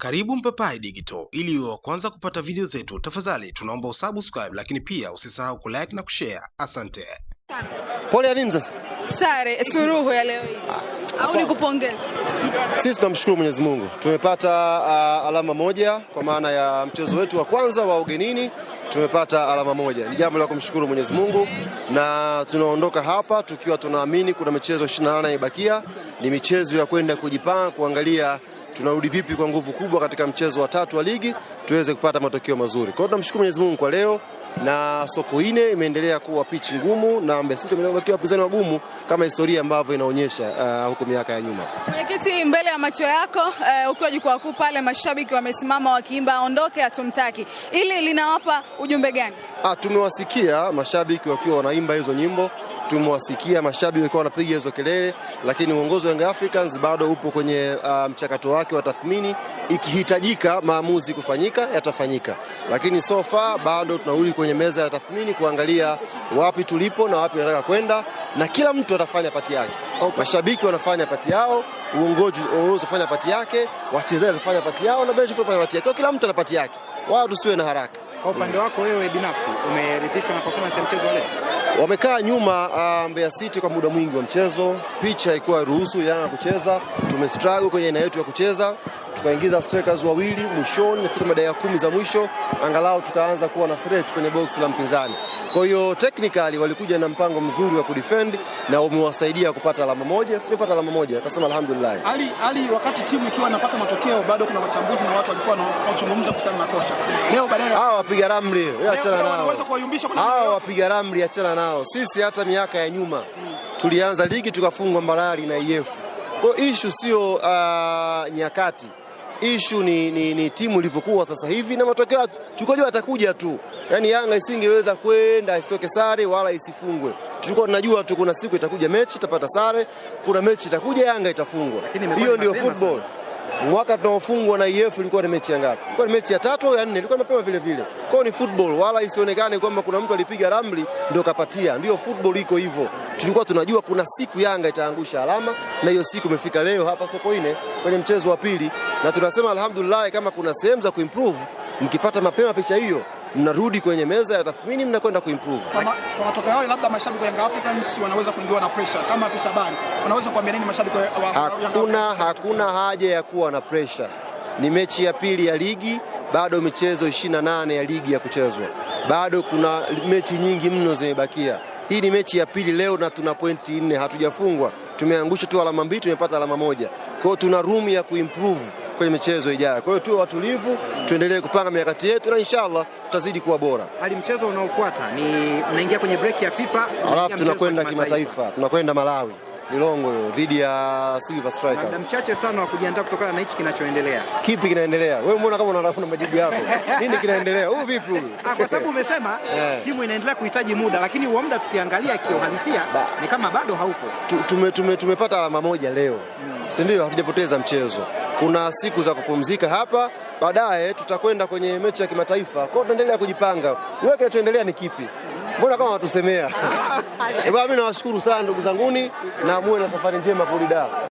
Karibu Mpapai Digital, ili uwe wa kwanza kupata video zetu, tafadhali tunaomba usubscribe, lakini pia usisahau kulike na kushare. Asante. Pole ya nini sasa? Sare suruhu ya leo hii. Ah, au nikupongeze. Sisi tunamshukuru Mwenyezi Mungu tumepata uh, alama moja kwa maana ya mchezo wetu wa kwanza wa ugenini tumepata alama moja, ni jambo la kumshukuru Mwenyezi Mungu, na tunaondoka hapa tukiwa tunaamini kuna michezo 28 imebakia, ni michezo ya kwenda kujipanga kuangalia tunarudi vipi kwa nguvu kubwa katika mchezo wa tatu wa ligi tuweze kupata matokeo mazuri. Kwa hiyo tunamshukuru Mwenyezi Mungu kwa leo, na Sokoine imeendelea kuwa pichi ngumu na Mbeya City imebakia wapinzani wagumu kama historia ambavyo inaonyesha uh, huko miaka ya nyuma. Mwenyekiti, mbele ya macho yako uh, ukiwa jukwaa kuu pale, mashabiki wamesimama wakiimba aondoke, hatumtaki, ili linawapa ujumbe gani? Ah, tumewasikia mashabiki wakiwa wanaimba hizo nyimbo, tumewasikia mashabiki wakiwa wanapiga hizo kelele, lakini uongozi wa Young Africans bado upo kwenye uh, mchakato wake wake watathmini, ikihitajika maamuzi kufanyika yatafanyika, lakini so far bado tunarudi kwenye meza ya tathmini kuangalia wapi tulipo na wapi tunataka kwenda, na kila mtu atafanya pati yake. Okay. Mashabiki wanafanya pati yao, uongozi unafanya pati yake, wachezaji wanafanya pati yao na benchi wanafanya pati yake, kila mtu ana pati yake, wala tusiwe na haraka. Kwa upande wako wewe binafsi umeridhishwa na performance ya mchezo leo? Wamekaa nyuma uh, Mbeya City kwa muda mwingi wa mchezo, picha haikuwa ruhusu Yanga kucheza. Tumestruggle kwenye aina yetu ya kucheza tukaingiza strikers wawili mwishoni, nafikiri mada ya kumi za mwisho, angalau tukaanza kuwa na threat kwenye box la mpinzani. Kwa hiyo technically walikuja na mpango mzuri wa kudefend na umewasaidia kupata alama moja, siopata alama moja, akasema alhamdulillah. Ali, Ali, wakati timu ikiwa inapata matokeo bado kuna wachambuzi na watu walikuwa wanazungumza kuhusiana na kocha. Leo badala hawa wapiga ramli, achana nao. Hawa wapiga ramli, achana nao. Sisi hata miaka ya nyuma hmm, tulianza ligi tukafungwa Mbalali na IF. Kwa issue sio uh, nyakati ishu ni, ni, ni timu ilivyokuwa sasa hivi na matokeo tulikuwa atakuja tu. Yaani Yanga isingeweza kwenda isitoke sare wala isifungwe. Tulikuwa tunajua tu kuna siku itakuja mechi itapata sare, kuna mechi itakuja Yanga itafungwa. Hiyo ndio football. Sana mwaka tunaofungwa na IF e ilikuwa ni mechi ya ngapi? Ilikuwa ni mechi ya tatu au ya nne, ilikuwa mapema vile vile. Kwao ni football, wala isionekane kwamba kuna mtu alipiga ramli ndio kapatia. Ndiyo football iko hivyo. Tulikuwa tunajua kuna siku Yanga itaangusha alama, na hiyo siku imefika leo hapa Sokoine kwenye mchezo wa pili, na tunasema alhamdulillah, kama kuna sehemu za kuimprove, mkipata mapema picha hiyo mnarudi kwenye meza ya tathmini, mnakwenda kuimprove. Kwa matokeo hayo, labda mashabiki wa Young Africans wanaweza kuingiwa na pressure. Kama afisa habari, wanaweza kuambia nini mashabiki wa Young Africans? Hakuna, hakuna haja ya kuwa na pressure. Ni mechi ya pili ya ligi, bado michezo 28 ya ligi ya kuchezwa, bado kuna mechi nyingi mno zimebakia. Hii ni mechi ya pili leo na tuna pointi nne, hatujafungwa, tumeangusha tu alama mbili, tumepata alama moja. Kwa hiyo tuna room ya kuimprove kwenye michezo ijayo. Kwa hiyo tuwe watulivu, tuendelee kupanga mikakati yetu na inshallah tutazidi kuwa bora. Hadi mchezo unaofuata ni mnaingia kwenye break ya FIFA, alafu tunakwenda kimataifa, tunakwenda Malawi. Milongo dhidi ya Silver Strikers. Muda mchache sana wa kujiandaa kutokana na hichi kinachoendelea. Kipi kinaendelea? Wewe umeona kama unataka majibu yako. Nini kinaendelea? huu vipi huyu? Ah, kwa sababu umesema yeah, timu inaendelea kuhitaji muda, lakini huo muda tukiangalia kiuhalisia ni kama bado haupo. Tume, tume, tumepata alama moja leo. Hmm. Si ndio? Hatujapoteza mchezo. Kuna siku za kupumzika hapa, baadaye tutakwenda kwenye mechi ya kimataifa. Kwa hiyo tunaendelea kujipanga. Wewe kinachoendelea ni kipi? mbona kama watusemea? Mimi nawashukuru sana ndugu zanguni, na muwe na safari njema kurudi Dar.